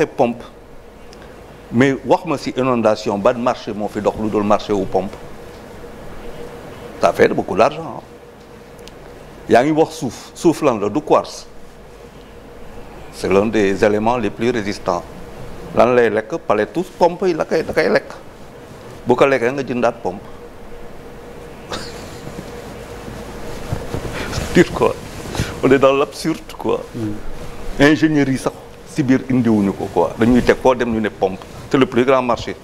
après pompe mais wax ma si inondation ban marché moo fi dox lu dul marché wu pompe ça fait beaucoup d'argent yaa ngi wax suuf suuf lan la du quartz c'est l'un des éléments les plus résistants lan lay lekk pale tous pompe yi la koy da koy lekk bu ko lekkee nga jëndaat pompe dire quoi on est dans l'absurde quoi mm. ingénierie sax si biir indiwuñu ko quoi dañuy teg koo dem ñu ne pompe c'est le plus grand marché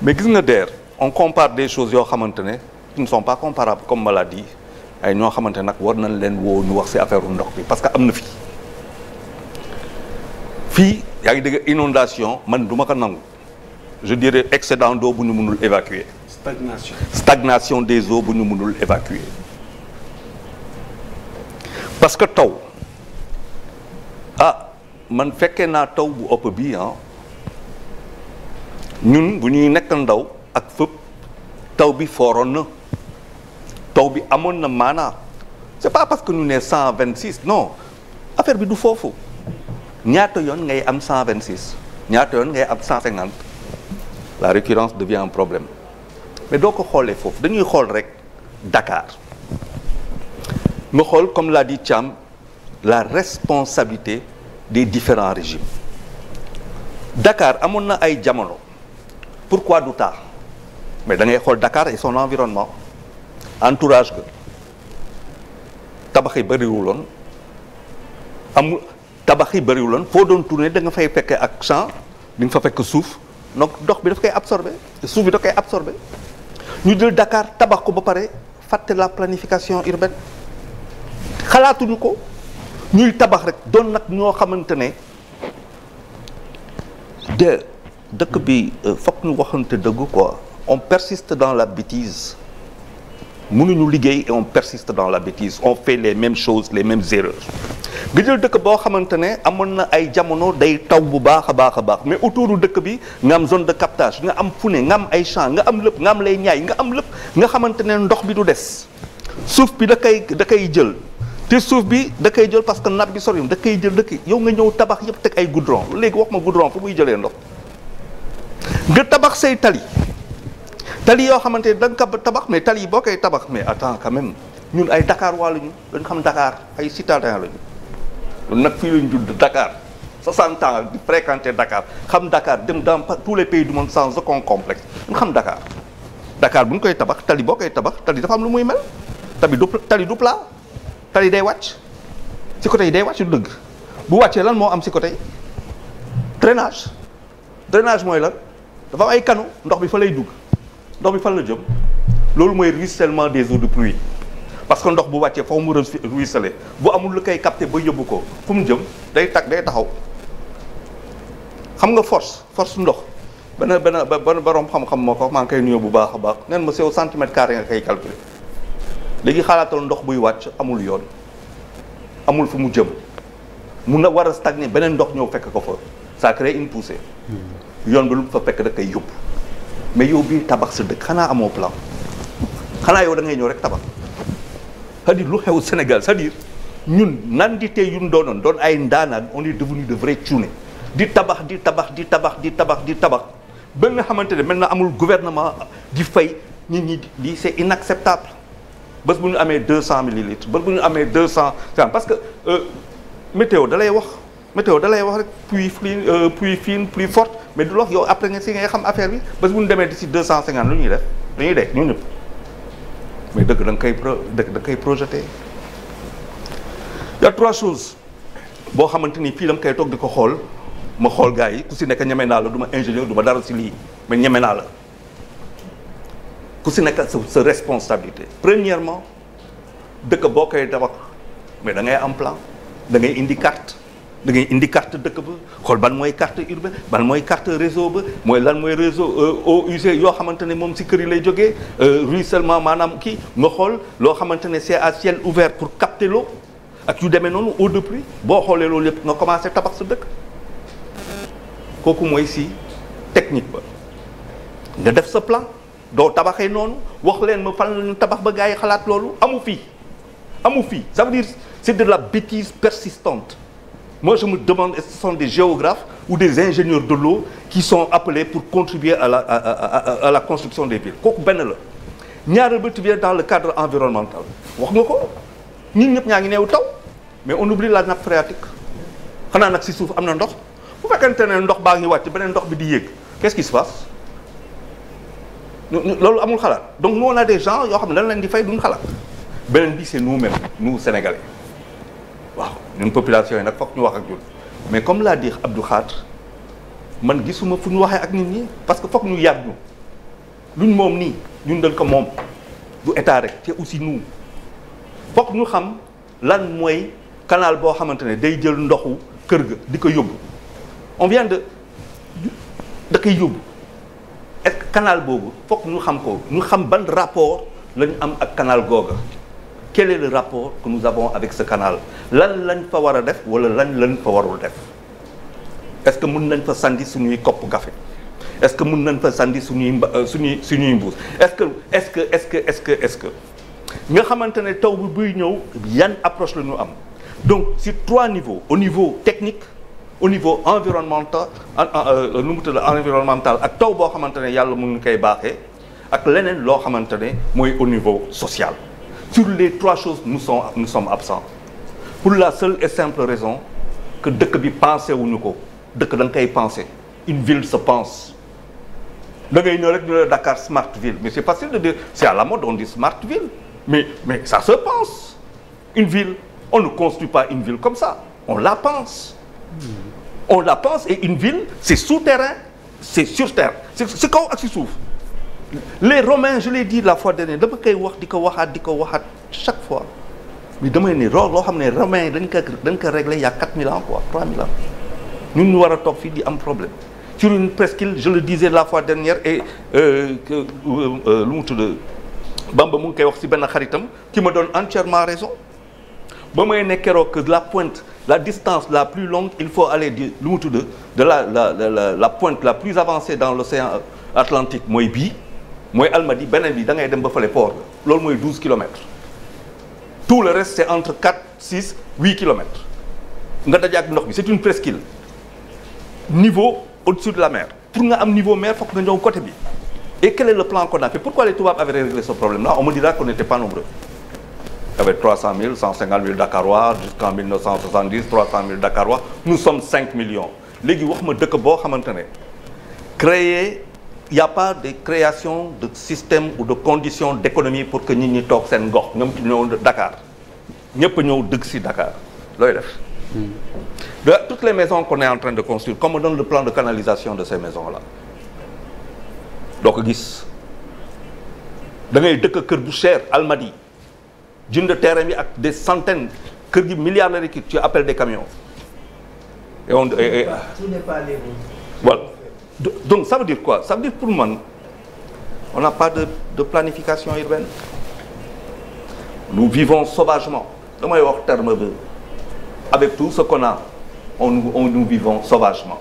mais gis nga DER on compare des choses yoo xamante ne qui ne sont pas comparables comme maladie ay ñoo xamante nag war nañ leen woo ñu wax si affaire ndox bi parce que am na fi fii yaa ngi dégg inondation man du ma ko nangu je dirais excédent d'eau bu ñu mënul évacuer stagnation des eaux bu ñu mënul évacuer parce que taw man fekkee naa taw bu ëpp bi ah ñun bu ñuy nekk ndaw ak fëpp taw bi fooroon na taw bi amoon na maanaa c'est pas parce que ñu nee cent vingt six non affaire bi du foofu ñaata yoon ngay am cent vingt six ñaata yoon ngay am cent cinquante la récurrence devient un problème mais doo ko xoolee foofu dañuy xool rek Dakar nga xool comme l'a dit Thiam la responsabilité des différents régimes dakaar amoon na ay jamono pourquoi du taa mais da ngay xool dakaar et son environnement entourage ga tabax yi loon amul tabax yi bëriwuloon foo doon tourner da nga fay fekkee ak champ li nga fa fekk suuf donc dox bi daf koy absorbé suuf bi da koy absorbé ñu jël dakaar tabax ko ba pare fàtte la planification urbaine xalaatuñu ko. ñuy tabax rek doon nag ñoo xamante ne dëkk bi euh, fokk ñu waxante dëgg ko on persiste dans la bêtise mënuñu liggéey et on persiste dans la bêtise on fait les mêmes choses les mêmes erreurs nga jël dëkk boo xamante ne amoon na ay jamono day taw bu baax a baax a baax mais autour dëkk bi nga am zone de captage nga am fune nga am ay champs nga am lépp nga am lay ñaay nga am lépp nga xamante ne ndox bi du des suuf bi da koy da koy jël te suuf bi da koy jël parce que nappe bi soriwul da koy jël dëkk yow nga ñëw tabax yëpp teg ay goudron léegi wax ma goudron fu muy jëlee ndox nga tabax say tali tali yoo xamante ne da nga ko tabax mais tali yi boo koy tabax mais attends quand même ñun ay Dakar waa la ñu xam Dakar ay citadin la ñu ñun nag fii lañ judd Dakar 60 di fréquenter Dakar xam Dakar dem dans tous les pays du monde sans aucun complexe ñu xam Dakar Dakar bu ñu koy tabax tali boo koy tabax tali dafa am lu muy mel tali du du plat tali day wàcc ci côté yi day wàcc dëgg bu wàccee lan moo am si côté yi drainage drainage mooy lan dafa ay kanu ndox bi fa lay dugg ndox bi fan la jëm loolu mooy ruissellement des eaux de pluie parce que ndox bu wàccee foofu mu ruisselé bu amul lu koy capté ba yóbbu ko fu mu jëm day tag day taxaw xam nga force force ndox benn benn ba borom xam-xam moo ko maa ngi koy nuyoo bu baax a baax neen ma sew centimètre carré nga koy calculer léegi xalaatal ndox buy wàcc amul yoon amul fu mu jëm mun na war a stagner beneen ndox ñëw fekk ko fa ça crée une poussée hmm. yoon bi lu fa fekk da ay yóbbu mais yow bii tabax sa dëkk xanaa amoo plan xanaa yow da ngay ñëw rek tabax c'est-à-dire lu xew Sénégal c'est-à-dire ñun nandite yu ñu doonoon doon ay ndaanaan on est devenu de vrais cuune di tabax di tabax di tabax di tabax di tabax ba nga xamante ne na amul gouvernement di fay nit ñi di c'est inacceptable bés bu ñu amee deux cent millilitres bés bu ñu amee deux cent parce que euh, météo da lay wax météo da lay wax rek pluie fine euh, pluie fine pluie fort mais du lox yow après nga si ngay xam affaire bi bés bu ñu demee d'ici deux cent cinquante lu ñuy def dañuy dee ñun ñëpp mais dëkk da nga koy pro dëkk da nga koy projeté y a trois choses boo xamante ni fii dama koy toog di ko xool ma xool gars yi ku si nekk ñeme naa la duma ma ingénieur du ma dara si lii mais ñeme naa la. ku si nekk sa sa responsabilité premièrement dëkk boo koy tabax mais da ngay am plan da ngay indi carte da ngay indi carte dëkk ba xool ban mooy carte urbaine ban mooy carte réseau ba mooy lan mooy réseau eaux usées yoo xamante ne moom si kër yi lay jógee euh, ruissellement maanaam kii nga xool loo xamante ne c'est à ciel ouvert pour capter l'eau ak yu demee noonu eau de pluie boo xoolee loolu yëpp nga commencé tabax sa dëkk kooku mooy si technique ba nga def sa plan doo tabaxee noonu wax leen ma fan la tabax ba gars yi xalaat loolu amu fi amu fi ça veut dire c'est de la bêtise persistante moi je me demande est-ce que ce sont des géographes ou des ingénieurs de l'eau qui sont appelés pour contribuer à la à, à, construction des villes kooku benn la ñaareel ba tubier dans le cadre environnemental wax nga ko ñun ñëpp ñaa ngi neew taw mais on oublie la nappe phréatique xanaa nag si suuf am na ndox bu fekkente ne ndox baa ngi wàcc beneen ndox bi di yéeg quest loolu amul xalaat donc nous on a des gens yoo xam ne lan lañ di fay duñ xalaat beneen bi c'est nous-mêmes nous sénégalais waaw ñun population yi nag foog ñu wax ak ñun mais comme l'a dit Abdou xaat man gisuma fu ñu waxee ak nit ñi parce que foog ñu yàgg luñ moom nii ñun dañ ko moom du état rek te aussi nous foog ñu xam lan mooy canal boo xamante ne day jël ndoxu kër ga di ko yóbbu on vient de da koy yóbbu. canal boobu foog ñu xam ko ñu xam ban rapport la am ak canal googa quel est le rapport que nous avons avec ce canal lan lañ fa war a def wala lan lañ fa warul def est que mun nañ fa sandi suñuy kopp café est-ce que mun nañ fa sandi suñuy mba euh, suñuy suñuy mbuus est-ce que est-ce que es ce que est-ce que est-ce que nga xamante ne taw bi buy ñëw yan approche la ñu am donc sur trois niveaux au niveau technique au niveau environnemental euh, nu mu tudd environnemental ak taw boo xamante ne yàlla mu ngi koy baaxee ak leneen loo xamante ne mooy au niveau social sur les trois choses nous sont nous sommes absents pour la seule et simple raison que dëkk bi pensé wuñu ko dëkk da koy pensé une ville se pense da ngay ñëw rek ñu la Dakar smart ville mais c'est facile de dire c'est à la mode on dit smart mais mais ça se pense une ville on ne construit pas une ville comme ça on la pense on la pense et une ville c'est souterrain c'est sur terre si kaw ak si suuf les romains je l'ai dit la fois dernière dama koy wax di ko waxaat di ko waxaat chaque fois mais damay ni lool xam ne romains yi dañ ko dañ ko réglé il y a 4000 ans quoi 3000 ans ñun ñu war a toog fii di am problème sur une presqu'île je le disais la fois dernière et euh, euh, euh, lu mu tudd Bamba mu ngi koy wax si benn xaritam ki ma donne entièrement raison ba may nekk keroog la pointe la distance la plus longue il faut aller du lu mu tudd de la la la la pointe la plus avancée dans l'océan Atlantique mooy bii mooy Almadies beneen bi da ngay dem ba fale port loolu mooy 12 kilomètres tout le reste c'est entre 4 6 8 kilomètres nga daje ak ndox bi c'est une presqu'île niveau au-dessus de la mer pour nga am niveau mer fokk nga ñëw côté bi et quel est le plan qu'on a fait pourquoi les tubaab avaient réglé ce problème là on me dira qu'on n'était pas Il y avait 300 000, 150 000 Dakarois, jusqu'en 1970, 300 000 Dakarois. Nous sommes 5 millions. Légui waxma deuk bo xamantene créer il n'y a pas de création de système ou de conditions d'économie pour que nit ñi tok sen gox ñom ñew Dakar ñepp ñew deuk ci Dakar loy def hmm. de toutes les maisons qu'on est en train de construire comme on le plan de canalisation de ces maisons là donc gis da ngay dëkk kër bu cher Almadi jënd terrain bi ak des centaines kër gi milliardaires qui tu appelles des camions. donc ça veut dire quoi ça veut dire pour man on n'a pas de de planification urbaine. nous vivons sauvagement damay wax terme bi avec tout ce qu'on a on nous on nous vivons sauvagement.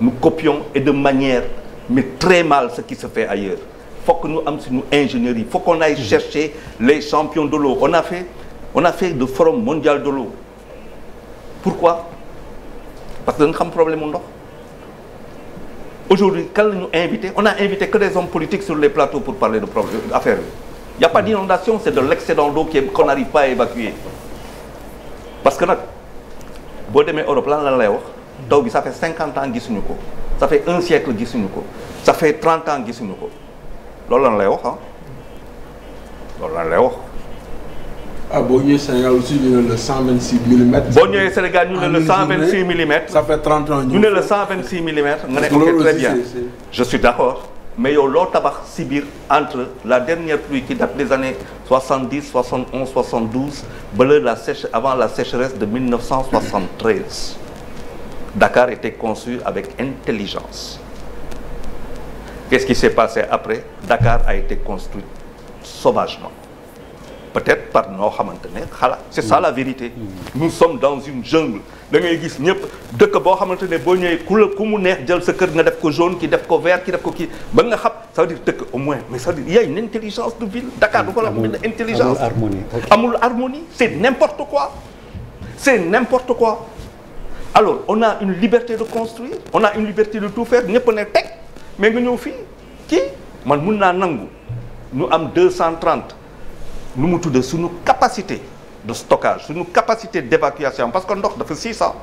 nous copions et de manière mais très mal ce qui se fait ailleurs. faut que nous am suñu ingénierie faut qu'on aille chercher les champions de l'eau on a fait on a fait le forum mondial de l'eau pourquoi parce que dañu xam problème mu ndox aujourd'hui kan la ñu invité on a invité que des hommes politiques sur les plateaux pour parler de problème affaire bi y a pas d'inondation c'est de l'excédent d'eau qui qu'on n'arrive pas à parce que nag boo demee Europe lan lan lay wax taw bi ça fait cinquante ans gisuñu ko ça fait un siècle gisuñu ko ça fait trente ans ko loolu lan lay wax ah loolu lan lay wax. ah boo ñëwee Sénégal aussi ñu ne la cent vingt six millimètres. boo ñëwee Sénégal ñu ne la cent vingt six millimètres. ça fait trente ans ñu ne la cent vingt six millimètres. nga ne ok très bien je suis d' accord. mais yow loo tabax si biir entre la dernière pluie qui date des années soixante dix soixante onze soixante douze bala la sèche avant la sécheresse de mille neuf cent soixante treize Dakar était conçu avec intelligence. Qu'est-ce qui s'est passé après Dakar a été construit sauvagement. Peut-être par noo xamante ne xalaat c'est ça la vérité. Nous sommes dans une jungle da ngay gis ñëpp dëkk boo xamante ne boo ñëwee ku la ku mu neex jël sa kër nga def ko jaune ki def ko vert ki def ko kii ba nga xam ça veut dire dëkk au moins mais ça veut dire y a une intelligence de ville Dakar du ko la am benn intelligence amul harmonie amul harmonie c'est n'importe quoi c'est n'importe quoi alors on a une de construire a une liberté de ñëpp ne mais nga ñëw fii kii man mun naa nangu ñu am deux cent nu mu tudd suñu capacité de stockage suñu capacité d'évacuation parce que ndox dafa six cent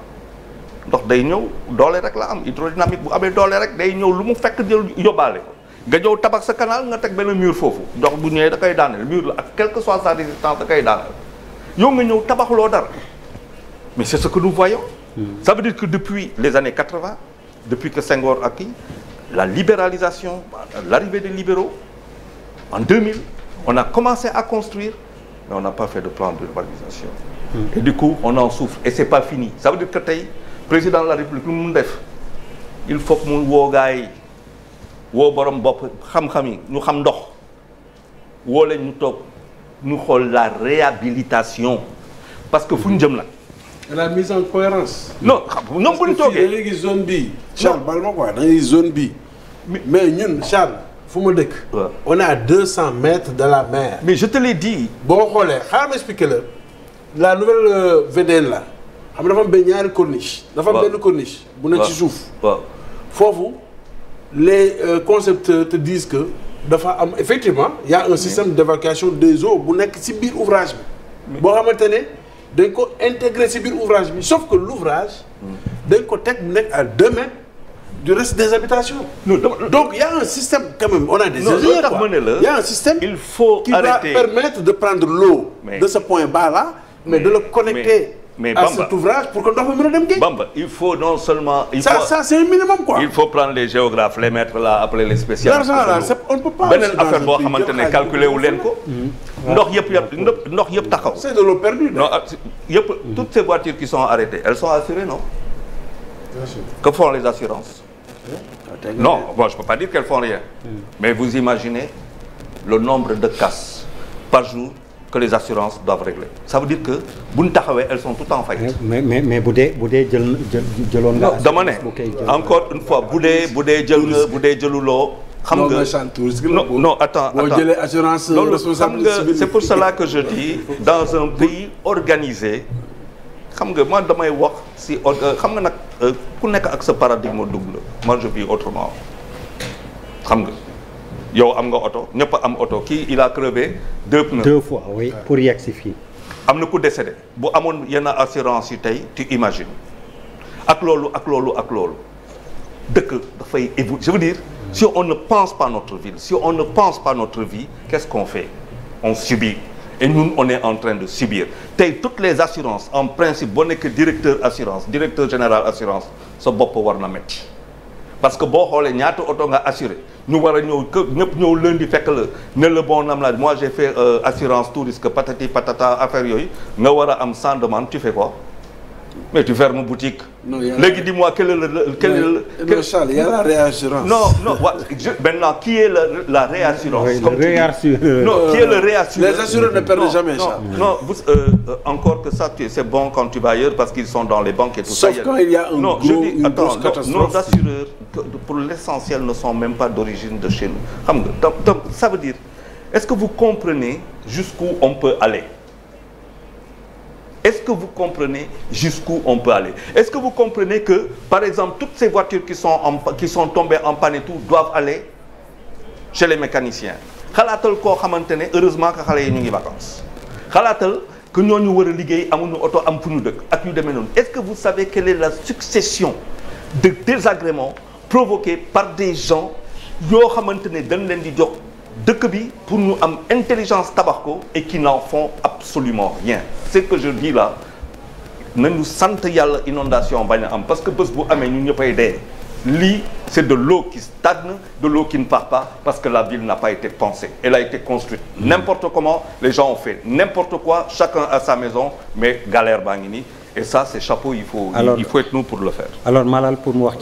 ndox day ñëw doole rek la am hydrodynamique bu amee doole rek day ñëw lu mu fekk jël yóbbaale nga ñëw tabax sa canal nga teg benn mur foofu ndox bu ñëwee da koy daaneel mur la ak quelle que soit sa résistance da koy daaneel yow nga ñëw tabaxloo dara mais c'est ce que nous voyons. Hmm. ça veut dire que depuis les années 80 depuis que Senghor ak kii la libéralisation, l'arrivée des libéraux, en 2000, on a commencé à construire, mais on n'a pas fait de plan d'urbanisation. Mmh. Et du coup, on en souffre. Et ce n'est pas fini. Ça veut tey président de la République lu mu def il faut que mu woo gars yi woo borom bopp xam-xam yi ñu xam ndox woo leen ñu toog ñu xool la réhabilitation parce que fu ñu jëm nag la mise en cohérence non ñoom bu ñu toogee léegi zone bii. Charles bal ma quoi zone bii. mais ñun Charles fu ma dëkk. on est cent mètres de la mer. mais je te l'ai boo xoolee xaaral ma expliquer la la nouvelle euh, VDN la xam nga dafa am benn ñaari corniche. dafa am benn corniche. bu ne ci suuf. foofu les euh, concepteurs te disent que dafa am effectivement y a un système d'évacuation des eaux bu nekk ci biir ouvrage bi. boo xamante ne. dañ ko intégré ci biir ouvrage bi sauf que l'ouvrage dañ ko teg mu du reste des habitations. donc il y a un système quand même on a la permettre de prendre l'eau de ce point bas là. mais, mais de le connecter. mais, mais à Bamba, cet ouvrage pour que ndox mi mën a dem géej. Bamba il faut non seulement. les géographes les mettre là appeler les spécialistes. on ne peut pas. beneen affaire boo xamante ne calculer wu leen ko. Mm-hmm. ndox yëpp yëpp ndox yëpp taxaw. c'est de l'eau perdue. Ah, yëpp toutes ces voitures qui sont arrêtées elles sont assurées non. bien font les assurances. non bon je peux pas dire qu'elles font rien. Hmm. mais vous imaginez le nombre de casses par jour. que les assurances doivent régler ça veut que bu taxawee elles sont tout en faillite. mais mais mais bu dee bu dee jël jëloon nga. dama ne encore une fois bu dee bu dee jël bu dee jëluloo. xam nga non non attends boo jëlee assurance responsable civile c'est pour cela que je dis dans un pays organisé xam nga man damay wax si euh, xam nga nag euh, ku nekk ak sa paradigme double moi je vis autrement xam nga yow am nga oto ñëpp am oto kii il a crevé deux pneus deux fois pour yegg si fii am na ku décédé bu amoon yenn assurance yi tey tu imagines ak loolu ak loolu ak loolu dëkk dafay évoluer je veux dire si on ne pense pas notre ville si on ne pense pas notre vie qu'est-ce qu'on fait on subit et nous on est en train de subir tey toutes les assurances en principe boo nekk directeur assurance directeur général assurance sa bopp war na metti parce que boo xoolee ñaata oto nga assuré ñu war a ñëw que ñëpp ñëw lundi fekk la ne le bon nam la moi j'ai fait euh, assurance tout risque patati patata affaire yooyu nga war a am sans demande tu fais quoi mais tu fermes boutique. non y' a léegi dis-moi quel est le quel est le. quel... Charles y' a la réassurance. non non wa je maintenant qui est la la réassurance. Oui, comme le réassure... non qui est le réassureur. les assureurs ne perdent non, jamais. Charles. non non vous euh, euh, encore que ça c'est bon quand tu vas ailleurs parce qu'ils sont dans les banques et tout Sauf ça. quand il y a un non, gros, je dis, attends, nos assureurs pour l'essentiel ne sont même pas d'origine de chez nous xam nga donc ça veut dire est-ce que vous comprenez jusqu'où on peut aller. est-ce que vous comprenez jusqu'où on peut aller est-ce que vous comprenez que par exemple toutes ces voitures qui sont en qui sont tombées en panne et tout doivent aller chez les mécaniciens xalaatal koo xamante ne heureusement que xale yi ñu ngi vacances xalaatal que ñooñu war a liggéey amuñu oto am fu ñu dëkk ak ñu demee noonu est-ce que vous savez quelle est la succession de désagréments provoqués par des gens yoo xamante ne dañ leen di jox dëkk bi pour ñu am intelligence tabax ko et qui n'en font absolument rien ce que je dis là nañu sant yàlla inondation bañ am parce que bés bu amee ñu ñëppay dee li c'est de l'eau qui stagne de l'eau qui ne part pas parce que la ville n'a pas été pensée elle a été construite n'importe comment les gens ont fait n'importe chacun à sa maison mais galère baa ngi nii et ça c'est chapeau il faut nous pour le faire